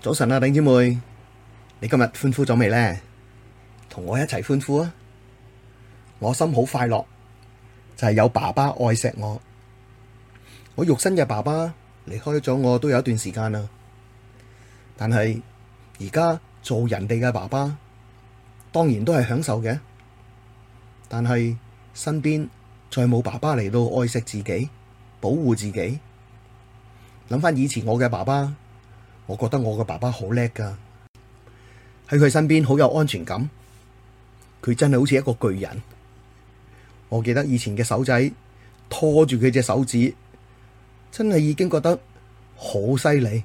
早晨啊，丁姐妹，你今日歡呼咗未呢？同我一齊歡呼啊！我心好快樂，就係、是、有爸爸愛錫我。我肉身嘅爸爸離開咗我都有一段時間啦，但係而家做人哋嘅爸爸，當然都係享受嘅。但係身邊再冇爸爸嚟到愛錫自己、保護自己，諗返以前我嘅爸爸。我覺得我嘅爸爸好叻㗎，喺佢身邊好有安全感。佢真係好似一個巨人。我記得以前嘅手仔拖住佢隻手指，真係已經覺得好犀利。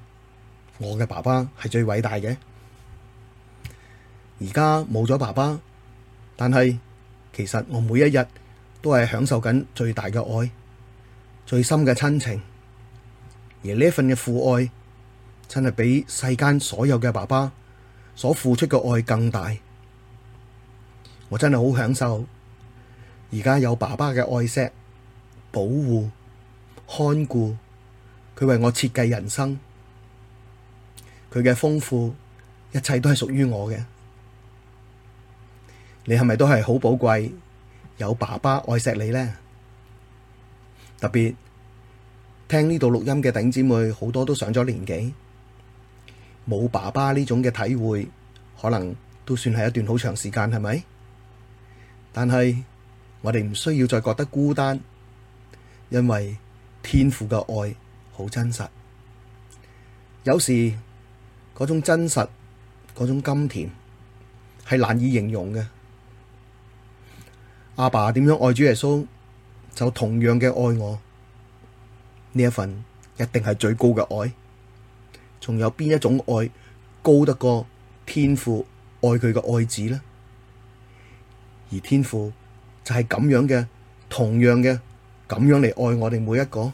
我嘅爸爸係最偉大嘅。而家冇咗爸爸，但係其實我每一日都係享受緊最大嘅愛、最深嘅親情，而呢一份嘅父愛。真係比世間所有嘅爸爸所付出嘅愛更大，我真係好享受，而家有爸爸嘅愛錫、保護、看顧，佢為我設計人生，佢嘅豐富，一切都係屬於我嘅。你係咪都係好寶貴，有爸爸愛錫你呢？特別聽呢度錄音嘅頂姊妹，好多都上咗年紀。冇爸爸呢種嘅體會，可能都算係一段好長時間，係咪？但係我哋唔需要再覺得孤單，因為天父嘅愛好真實。有時嗰種真實，嗰種甘甜，係難以形容嘅。阿爸點樣愛主耶穌，就同樣嘅愛我呢一份，一定係最高嘅愛。仲有邊一種愛高得過天父愛佢嘅愛子呢？而天父就係咁樣嘅，同樣嘅咁樣嚟愛我哋每一個，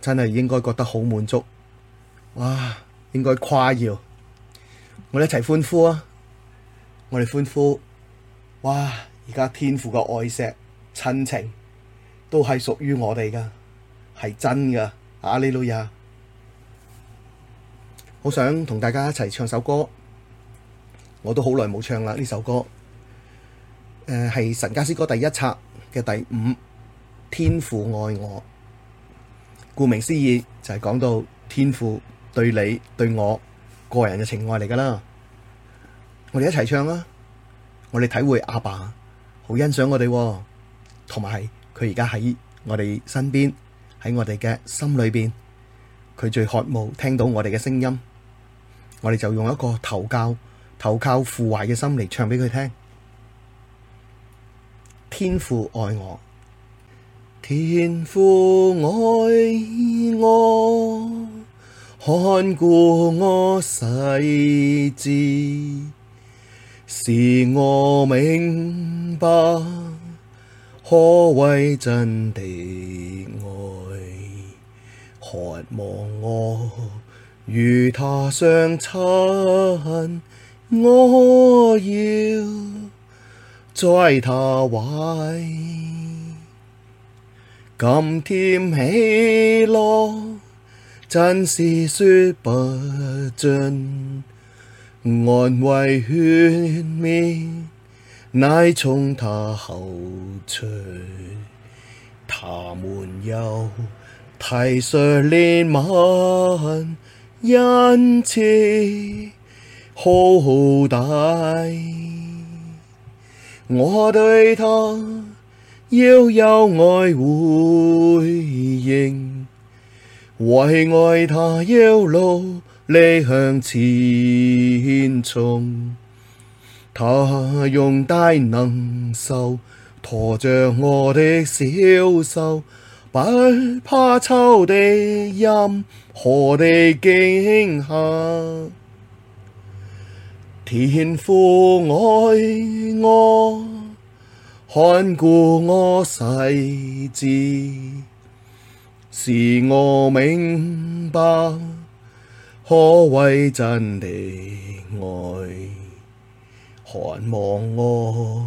真係應該覺得好滿足，哇！應該誇耀，我哋一齊歡呼啊！我哋歡呼，哇！而家天父嘅愛錫親情都係屬於我哋噶係真噶啊！阿利路亞。好想同大家一齊唱一首歌，我都好耐冇唱啦呢首歌。誒、呃，係神家詩歌第一冊嘅第五《天父愛我》，顧名思義就係、是、講到天父對你、對我個人嘅情愛嚟噶啦。我哋一齊唱啦！我哋體會阿爸好欣賞我哋、啊，同埋佢而家喺我哋身邊，喺我哋嘅心裏邊。佢最渴望聽到我哋嘅聲音，我哋就用一個投教、投靠父懷嘅心嚟唱俾佢聽。天父愛我，天父愛我，看顧我細緻，使我明白何謂真的愛。渴望我與他相親，我要在他懷。甘甜喜樂真是說不盡，安慰勸勉乃從他口出，他滿有。提上憐憫，恩慈浩大，我對他要有愛回應，為愛他要努力向前衝，他用大能手，拖着我的小手。不怕仇敵任何的驚嚇。天父愛我，看顧我細緻，使我明白，何謂真的愛。盼望我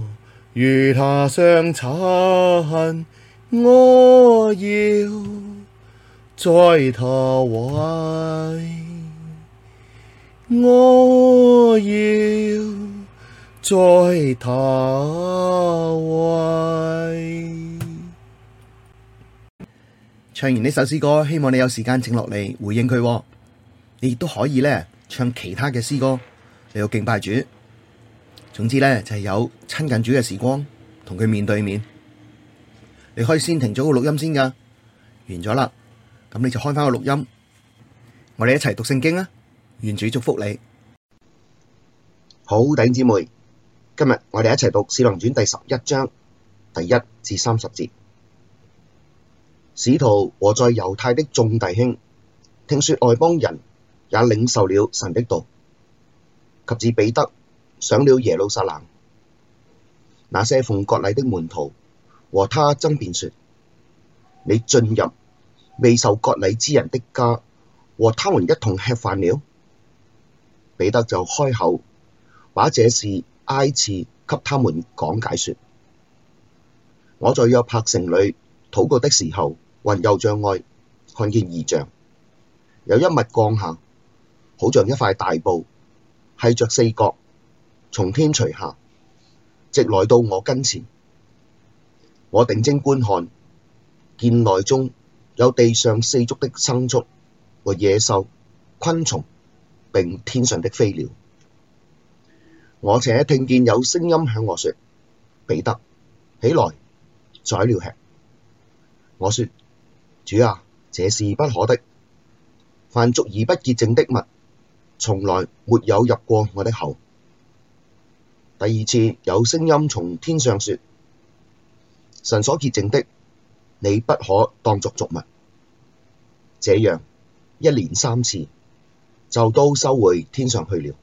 與祂相親。我要在祂懷，我要在祂懷。唱完呢首詩歌，希望你有時間靜落嚟回應佢喎。你亦都可以咧唱其他嘅詩歌嚟到敬拜主。總之咧就係有親近主嘅時光，同佢面對面。你可以先停咗個錄音先㗎，完咗啦，咁你就開返個錄音，我哋一齊讀聖經啊！願主祝福你，好弟兄姊妹，今日我哋一齊讀《使徒傳》第十一章第一至三十節。使徒和在猶太的眾弟兄，聽說外邦人也領受了神的道，及至彼得上了耶路撒冷，那些奉割禮的門徒。和他爭辯說：你進入未受割禮之人的家，和他們一同吃飯了。彼得就開口把這事挨次給他們講解説：我在約帕城裡禱告的時候，魂遊象外，看見異象，有一物降下，好像一塊大布，繫着四角，從天縋下，直來到我跟前。我定睛觀看，見內中有地上四足的牲畜和野獸、昆蟲，並天上的飛鳥。我且聽見有聲音向我説：彼得，起來，宰了吃。我説：主啊，這是不可的，凡俗而不潔淨的物，從來沒有入過我的口。第二次，有聲音從天上説：神所潔淨的，你不可當作俗物。這樣一連三次，就都收回天上去了。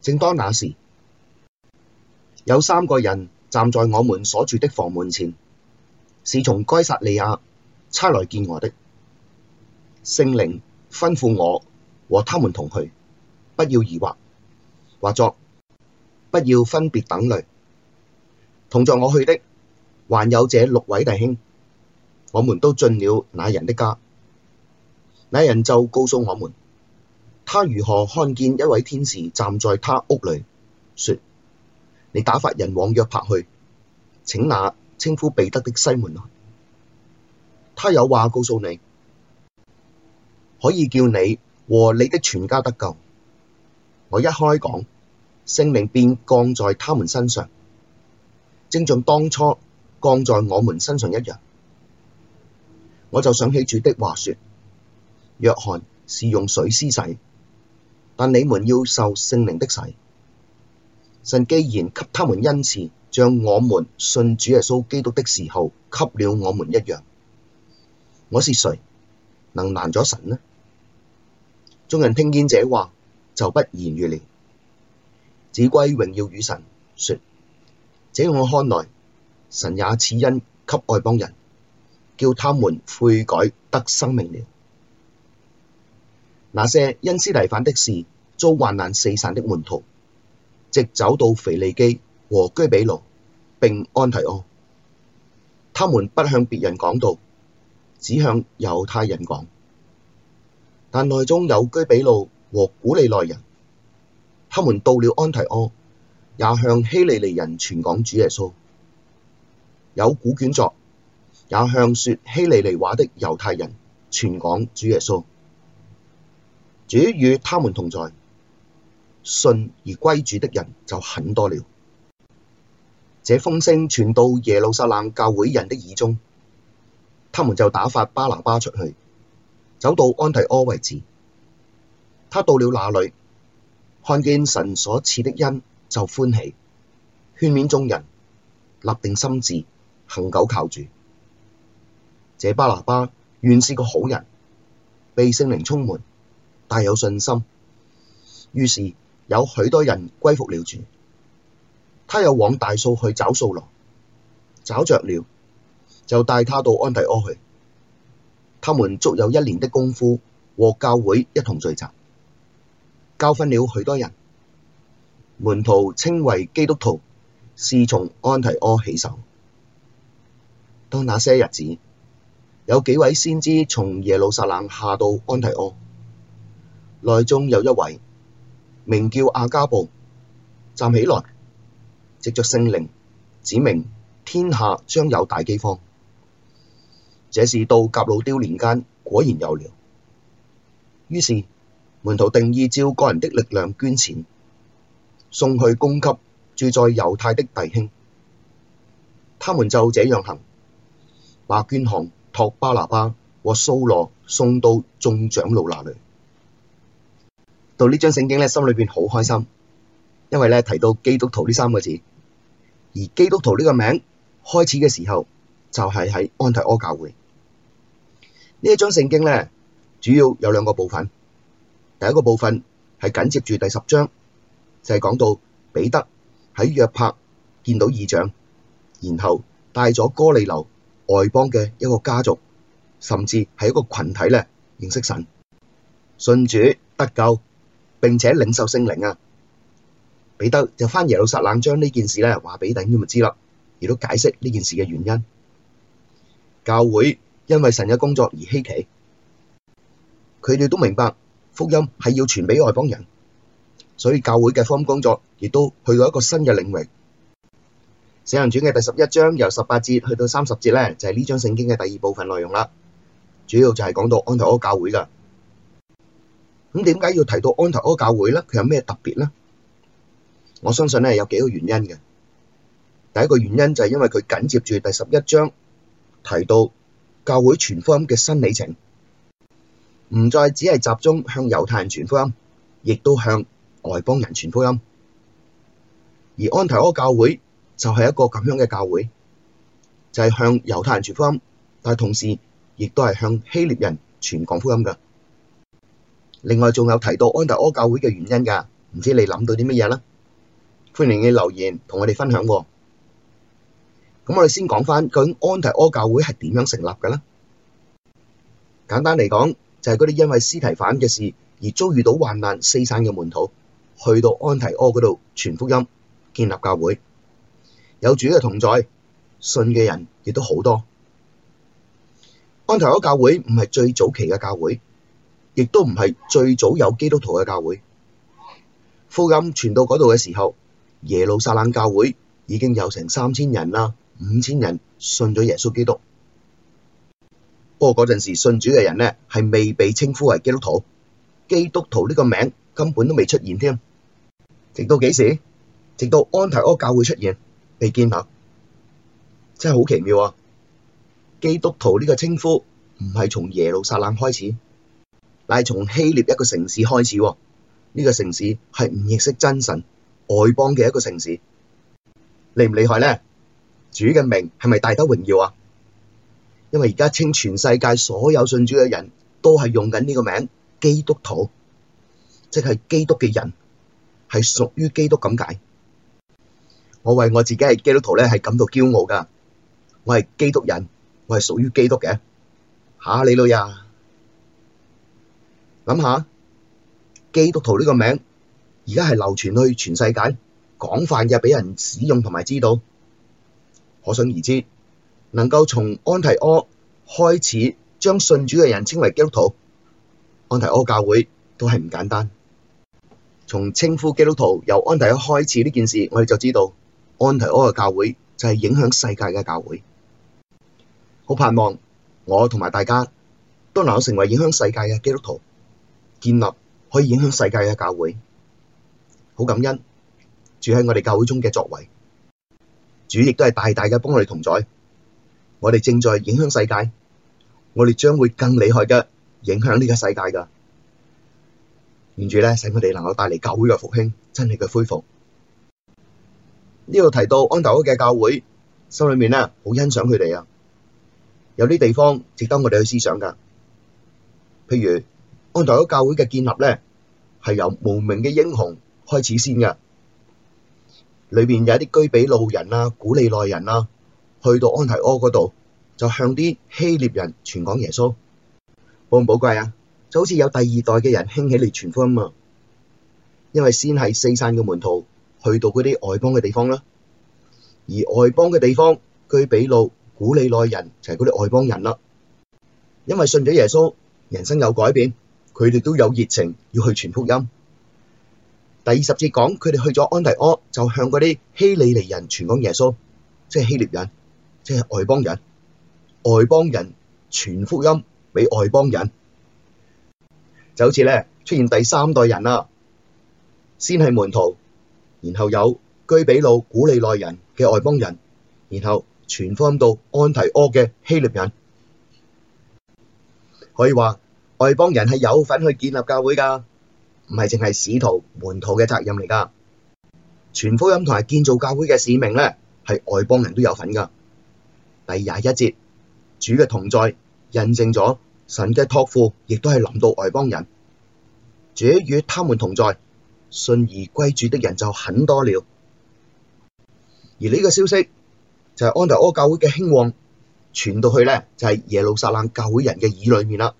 正當那時，有三個人站在我們所住的房門前，是從該撒利亞差來見我的。聖靈吩咐我和他們同去，不要疑惑，或作不要分別等類。同着我去的，還有這六位弟兄，我們都進了那人的家。那人就告訴我們，他如何看見一位天使站在他屋裏，說：你打發人往約帕去，請那稱呼彼得的西門來，他有話告訴你，可以叫你和你的全家得救。我一開講，聖靈便降在他們身上。正像當初降在我們身上一樣，我就想起主的話說：約翰是用水施洗，但你們要受聖靈的洗。神既然給他們恩賜，像我們信主耶穌基督的時候給了我們一樣，我是誰能攔阻神呢？眾人聽見這話，就不言語了。只歸榮耀與神說。這在我看來，神也賜恩給外邦人，叫他們悔改得生命了。那些因司提反的事遭患難四散的門徒，直走到腓尼基和居比路並安提阿。他們不向別人講道，只向猶太人講。但內中有居比路和古利奈人，他們到了安提阿。也向希利尼人傳講主耶穌，有古卷作也向說希利尼話的猶太人傳講主耶穌，主與他們同在，信而歸主的人就很多了。這風聲傳到耶路撒冷教會人的耳中，他們就打發巴拿巴出去，走到安提阿為止。他到了那裏，看見神所賜的恩，就歡喜，勸勉眾人，立定心志，恒久靠主。這巴拿巴原是個好人，被聖靈充滿，大有信心。於是有許多人歸服了主。他又往大數去找掃羅，找着了，就帶他到安提阿去。他們足有一年的功夫，和教會一同聚集，教訓了許多人。門徒稱為基督徒，是從安提阿起首。當那些日子，有幾位先知從耶路撒冷下到安提阿。內中有一位，名叫亞迦布，站起來，藉著聖靈指明天下將有大饑荒。這事到革老丟年間果然有了。於是門徒定意照各人的力量捐錢。送去供給住在猶太的弟兄，他們就這樣行，把捐項，託巴拿巴和掃羅送到眾長老那裏。到呢張聖經呢，心裏邊好開心，因為呢提到基督徒呢三個字，而基督徒呢個名開始嘅時候就係喺安提阿教會。呢一張聖經咧，主要有兩個部分，第一個部分係緊接住第十章。就係講到彼得喺約帕見到異象，然後帶咗哥利流外邦嘅一個家族，甚至係一個群體咧認識神、信主得救，並且領受聖靈啊！彼得就返耶路撒冷將呢件事咧話俾弟兄哋知啦，亦都解釋呢件事嘅原因。教會因為神嘅工作而稀奇，佢哋都明白福音係要傳俾外邦人，所以教會嘅福音工作亦都去到一個新嘅領域。《使徒行傳》嘅第十一章由十八節去到三十節咧，就係呢章聖經嘅第二部分內容啦。主要就係講到安提阿教會噶。咁點解要提到安提阿教會咧？佢有咩特別咧？我相信咧，有幾個原因嘅。第一個原因就係因為佢緊接住第十一章提到教會傳福音嘅新里程，唔再只係集中向猶太人傳福音，亦都向。外邦人傳福音，而安提阿教會就係一個咁樣嘅教會，就係向猶太人傳福音，但係同時亦都係向希臘人傳講福音噶。另外仲有提到安提阿教會嘅原因噶，唔知你諗到啲咩嘢咧？歡迎你留言同我哋分享。咁我哋先講翻究竟安提阿教會係點樣成立噶咧簡單嚟講就係嗰啲因為司提反嘅事而遭遇到患難四散嘅門徒。去到安提阿嗰度傳福音、建立教會，有主嘅同在，信嘅人亦都好多。安提阿教會唔係最早期嘅教會，亦都唔係最早有基督徒嘅教會。福音傳到嗰度嘅時候，耶路撒冷教會已經有成三千人啦、五千人信咗耶穌基督。不過嗰陣時信主嘅人呢係未被稱呼為基督徒。基督徒呢個名根本都未出現添，直到幾時？直到安提阿教會出現被建立，真係好奇妙。啊！基督徒呢個稱呼唔係從耶路撒冷開始，但係從希臘一個城市開始，啊。呢、這個城市係唔認識真神外邦嘅一個城市，厲唔厲害咧？主嘅名係咪大得榮耀啊？因為而家稱全世界所有信主嘅人都係用緊呢個名。基督徒即係基督嘅人，係屬於基督咁解。我為我自己係基督徒咧，係感到驕傲噶。我係基督徒，我係屬於基督嘅。吓你老啊，諗下基督徒呢個名，而家係流傳去全世界，廣泛嘅俾人使用同埋知道。可想而知，能夠從安提阿開始將信主嘅人稱為基督徒。安提阿教會都係唔簡單。從稱呼基督徒由安提阿開始呢件事，我哋就知道安提阿嘅教會就係影響世界嘅教會。好盼望我同埋大家都能夠成為影響世界嘅基督徒，建立可以影響世界嘅教會。好感恩住喺我哋教會中嘅作為，主亦都係大大嘅幫我哋同在。我哋正在影響世界，我哋將會更厲害嘅。影響呢個世界噶，然住咧，使佢哋能夠帶嚟教會嘅復興，真理嘅恢復。呢度提到安提阿嘅教會，心裏面咧好欣賞佢哋啊，有啲地方值得我哋去思想噶。譬如安提阿教會嘅建立咧，係由無名嘅英雄開始先嘅，裏邊有一啲居比路人啊、古利奈人啊，去到安提阿嗰度就向啲希臘人傳講耶穌。好唔寶貴啊！就好似有第二代嘅人興起嚟傳福音啊！因為先係四散嘅門徒去到嗰啲外邦嘅地方啦，而外邦嘅地方居比路、古利奈人就係嗰啲外邦人啦。因為信咗耶穌，人生有改變，佢哋都有熱情要去傳福音。第二十節講佢哋去咗安提阿，就向嗰啲希利尼人傳講耶穌，即係希臘人，即係外邦人，外邦人傳福音。俾外邦人，就好似咧出現第三代人啦，先係門徒，然後有居比路、古利奈人嘅外邦人，然後傳福音到安提阿嘅希利尼人。可以話外邦人係有份去建立教會噶，唔係淨係使徒門徒嘅責任嚟噶。傳福音同埋建造教會嘅使命咧，係外邦人都有份噶。第廿一節，主嘅同在。印證咗神嘅託付，亦都係臨到外邦人，且與他們同在，信而歸主的人就很多了。而呢個消息就係安提阿教會嘅興旺傳到去咧，就係耶路撒冷教會人嘅耳裏面啦。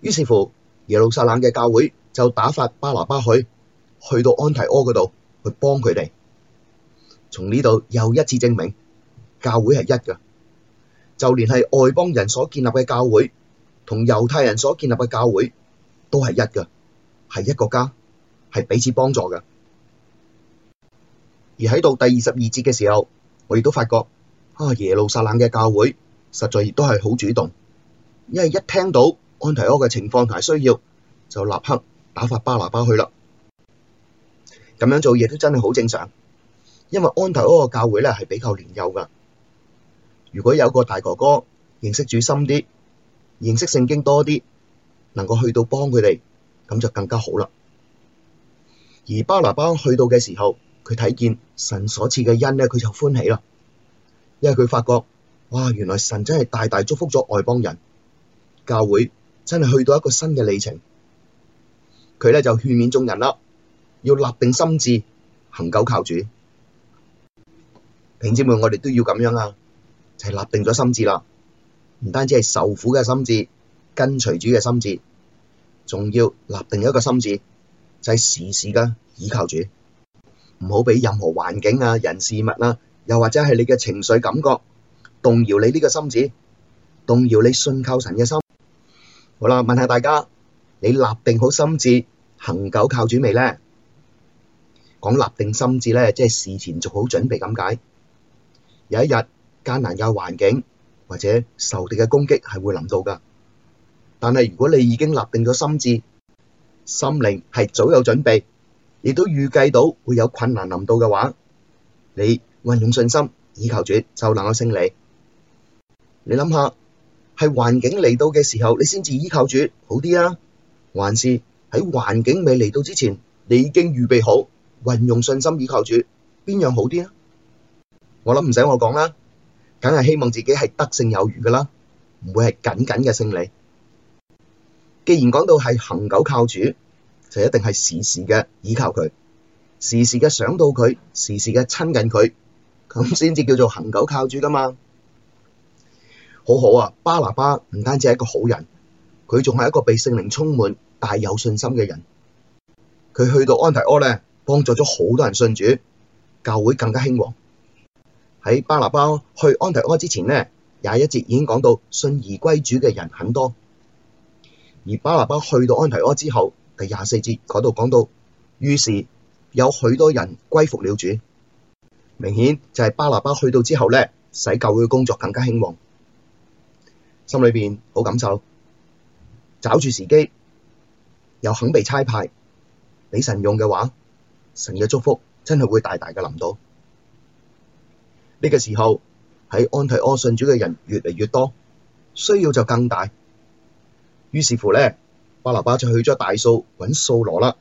於是乎，耶路撒冷嘅教會就打發巴拿巴去，去到安提阿嗰度去幫佢哋。從呢度又一次證明教會係一噶。就連繫外邦人所建立嘅教會，同猶太人所建立嘅教會都係一噶，係一個家，係彼此幫助噶。而喺到第二十二節嘅時候，我亦都發覺啊，耶路撒冷嘅教會實在亦都係好主動，因為一聽到安提阿嘅情況同埋需要，就立刻打發巴拿巴去啦。咁樣做嘢，都真係好正常，因為安提阿嘅教會咧，係比較年幼噶。如果有一個大哥哥認識主深啲、認識聖經多啲，能夠去到幫佢哋，咁就更加好啦。而巴拿巴去到嘅時候，佢睇見神所賜嘅恩呢，佢就歡喜啦，因為佢發覺，哇，原來神真係大大祝福咗外邦人，教會真係去到一個新嘅里程。佢咧就勸勉眾人啦，要立定心志，恆久靠主。弟兄姊妹，我哋都要咁樣啊！係立定咗心志啦，唔單止係受苦嘅心志，跟隨主嘅心志，仲要立定一個心志，就係、是、時時嘅倚靠主，唔好俾任何環境啊、人事物啊，又或者係你嘅情緒感覺動搖你呢個心志，動搖你信靠神嘅心。好啦，問下大家，你立定好心志，恆久靠主未呢？講立定心志咧，即係事前做好準備咁解。有一日。艱難嘅環境或者受敵嘅攻擊係會臨到噶，但係如果你已經立定咗心志，心靈係早有準備，亦都預計到會有困難臨到嘅話，你運用信心倚靠主就能夠勝利。你諗下，係環境嚟到嘅時候，你先至倚靠主好啲啊，還是喺環境未嚟到之前，你已經預備好運用信心倚靠主，邊樣好啲啊？我諗唔使我講啦。梗係希望自己係得勝有餘噶啦，唔會係僅僅嘅勝利。既然講到係恆久靠主，就一定係時時嘅依靠佢，時時嘅想到佢，時時嘅親近佢，咁先至叫做恆久靠主噶嘛。好好啊，巴拿巴唔單止係一個好人，佢仲係一個被聖靈充滿、大有信心嘅人。佢去到安提阿咧，幫助咗好多人信主，教會更加興旺。喺巴拿巴去安提阿之前呢，廿一節已經講到信而歸主嘅人很多。而巴拿巴去到安提阿之後，第廿四節嗰度講到，於是有許多人歸服了主。明顯就係巴拿巴去到之後呢，使教會工作更加興旺。心裏邊好感受，找住時機，又肯被差派俾神用嘅話，神嘅祝福真係會大大嘅臨到。呢個時候喺安提阿信主嘅人越嚟越多，需要就更大。於是乎咧，巴拿巴就去咗大數揾掃羅啦。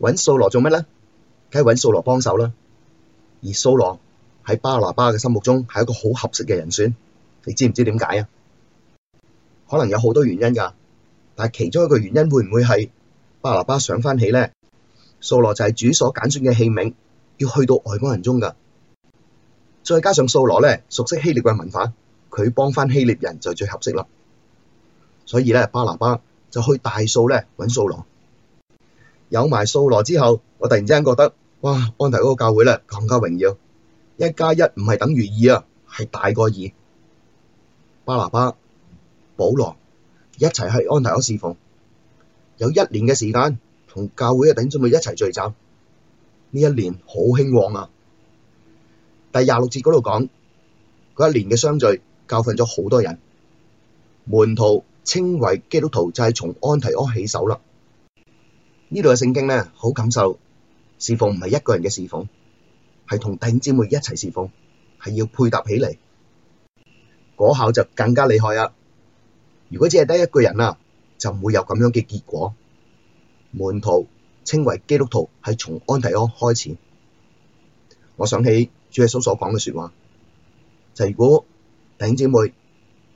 揾掃羅做乜咧？梗係揾掃羅幫手啦。而掃羅喺巴拿巴嘅心目中係一個好合適嘅人選。你知唔知點解啊？可能有好多原因噶，但係其中一個原因會唔會係巴拿巴想翻起咧？掃羅就係主所揀選嘅器皿，要去到外邦人中噶。再加上素羅咧，熟悉希臘嘅文化，佢幫翻希臘人就最合適啦。所以咧，巴拿巴就去大數咧搵素羅。有埋素羅之後，我突然之間覺得，哇！安提阿教會咧更加榮耀。一加一唔係等於二啊，係大過二。巴拿巴、保羅一齊去安提阿侍奉，有一年嘅時間同教會嘅弟兄們一齊聚集。呢一年好興旺啊！第廿六節嗰度講，嗰一年嘅相聚，教訓咗好多人。門徒稱為基督徒就係從安提阿起首啦。呢度嘅聖經咧好感受，侍奉唔係一個人嘅侍奉，係同弟兄姊妹一齊侍奉，係要配搭起嚟，果效就更加厲害啊！如果只係得一個人啊，就唔會有咁樣嘅結果。門徒稱為基督徒係從安提阿開始。我想起主耶穌所講嘅說話，就係、如果弟兄姊妹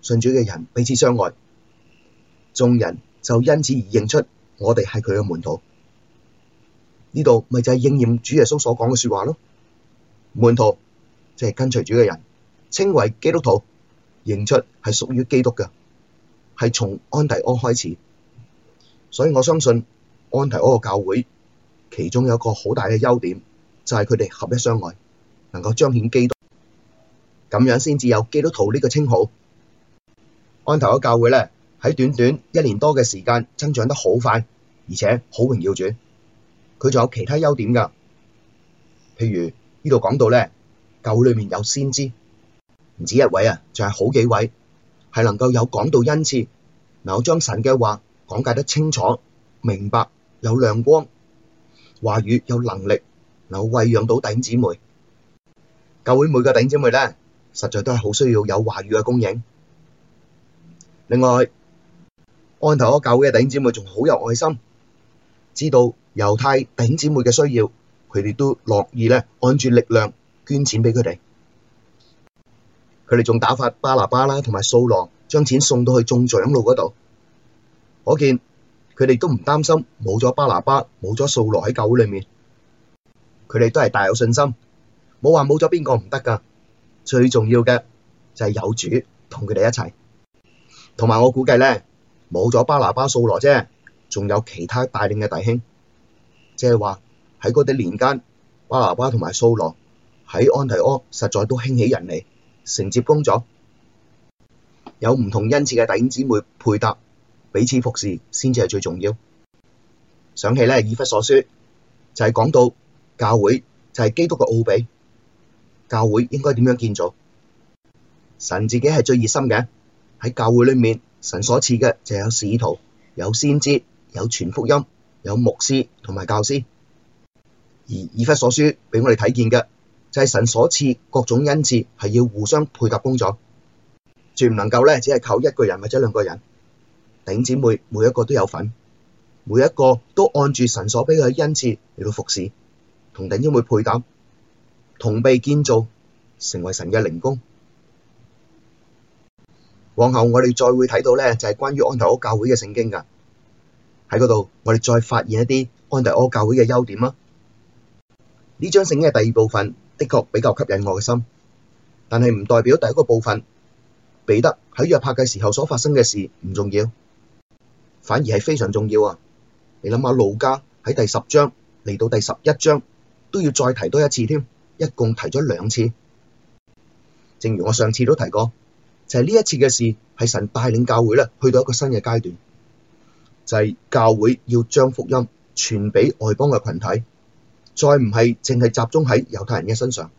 信主嘅人彼此相愛，眾人就因此而認出我哋係佢嘅門徒。呢度咪就係應驗主耶穌所講嘅說話咯？門徒即係跟隨主嘅人，稱為基督徒，認出係屬於基督嘅，係從安提阿開始。所以我相信安提阿個教會其中有一個好大嘅優點。就係佢哋合一相愛，能夠彰顯基督，咁樣先至有基督徒呢個稱號。安頭嘅教會咧，喺短短一年多嘅時間增長得好快，而且好榮耀主。佢仲有其他優點㗎，譬如呢度講到咧，教會裏面有先知，唔止一位啊，仲係好幾位，係能夠有講道恩賜，能夠將神嘅話講解得清楚明白，有亮光，話語有能力。嗱，餵養到弟兄姊妹，教會每個弟兄姊妹咧，實在都係好需要有話語嘅供應。另外，安提阿教會嘅弟兄姊妹仲好有愛心，知道猶太弟兄姊妹嘅需要，佢哋都樂意咧按住力量捐錢俾佢哋。佢哋仲打發巴拿巴啦同埋掃羅，將錢送到去眾長老嗰度。可見佢哋都唔擔心冇咗巴拿巴冇咗掃羅喺教會裡面。佢哋都係大有信心，冇話冇咗邊個唔得噶。最重要嘅就係有主同佢哋一齊，同埋我估計咧，冇咗巴拿巴、掃羅啫，仲有其他帶領嘅弟兄，即係話喺嗰啲年間，巴拿巴同埋掃羅喺安提阿實在都興起人嚟，承接工作，有唔同恩賜嘅弟兄姊妹配搭彼此服侍，先至係最重要。想起咧以弗所書就係、是、講到。教會就係基督嘅奧比，教會應該點樣建造？神自己係最熱心嘅喺教會裏面，神所賜嘅就有使徒、有先知、有傳福音、有牧師同埋教師。而以弗所書俾我哋睇見嘅就係神所賜各種恩賜係要互相配合工作，絕唔能夠咧只係靠一個人或者兩個人。弟兄姊妹每一個都有份，每一個都按住神所俾佢嘅恩賜嚟到服侍。同弟兄會配搭，同被建造成為神嘅靈工。往後我哋再會睇到咧，就係關於安提阿教會嘅聖經噶。喺嗰度我哋再發現一啲安提阿教會嘅優點啊！呢章聖經嘅第二部分的確比較吸引我嘅心，但係唔代表第一個部分，彼得喺約帕嘅時候所發生嘅事唔重要，反而係非常重要啊！你諗下路加喺第十章嚟到第十一章，都要再提多一次添，一共提咗兩次。正如我上次都提過，就係呢一次嘅事係神帶領教會咧，去到一個新嘅階段，就係教會要將福音傳俾外邦嘅群體，再唔係淨係集中喺猶太人嘅身上。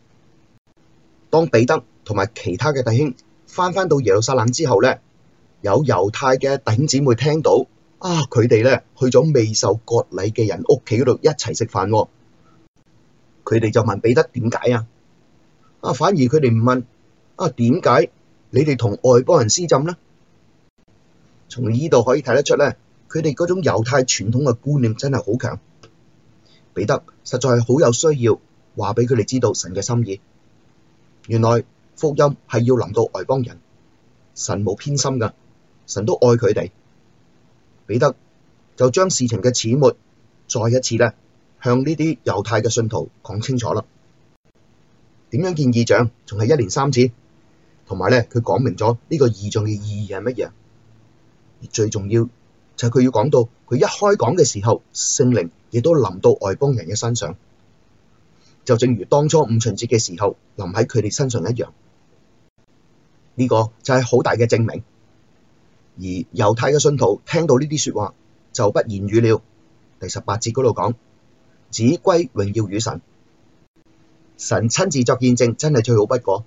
當彼得同埋其他嘅弟兄翻返到耶路撒冷之後咧，有猶太嘅弟兄姊妹聽到啊，佢哋咧去咗未受割禮嘅人屋企嗰度一齊食飯。佢哋就問彼得點解啊？啊，反而佢哋唔問啊，點解你哋同外邦人施浸呢？從呢度可以睇得出咧，佢哋嗰種猶太傳統嘅觀念真係好強。彼得實在係好有需要話俾佢哋知道神嘅心意。原來福音係要臨到外邦人，神冇偏心噶，神都愛佢哋。彼得就將事情嘅始末再一次咧。向呢啲猶太嘅信徒講清楚啦，點樣見異象仲係一連三次，同埋咧佢講明咗呢個異象嘅意義係乜嘢？而最重要就係、是、佢要講到佢一開講嘅時候，聖靈亦都臨到外邦人嘅身上，就正如當初五旬節嘅時候臨喺佢哋身上一樣。呢、這個就係好大嘅證明。而猶太嘅信徒聽到呢啲説話就不言語了。第十八節嗰度講，子歸榮耀與神，神親自作見證，真係最好不過。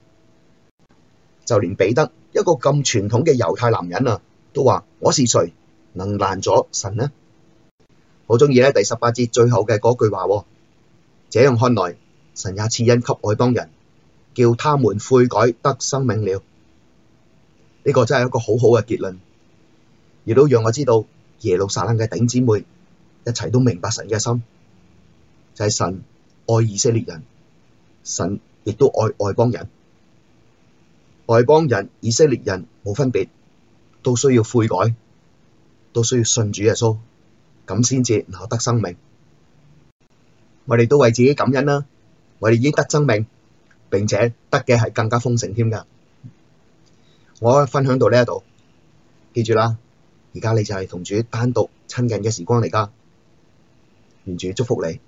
就連彼得一個咁傳統嘅猶太男人啊，都話：我是誰能攔咗神呢？好中意咧，第十八節最後嘅嗰句話：這樣看來，神也賜恩給外邦人，叫他們悔改得生命了。呢、這個真係一個好好嘅結論，亦都讓我知道耶路撒冷嘅頂姊妹一齊都明白神嘅心。就係神愛以色列人，神亦都愛外邦人，外邦人、以色列人冇分別，都需要悔改，都需要信主耶穌，咁先至能夠得生命。我哋都為自己感恩啦，我哋已經得生命，並且得嘅係更加豐盛添噶。我分享到呢一度，記住啦，而家你就係同主單獨親近嘅時光嚟噶，願主祝福你。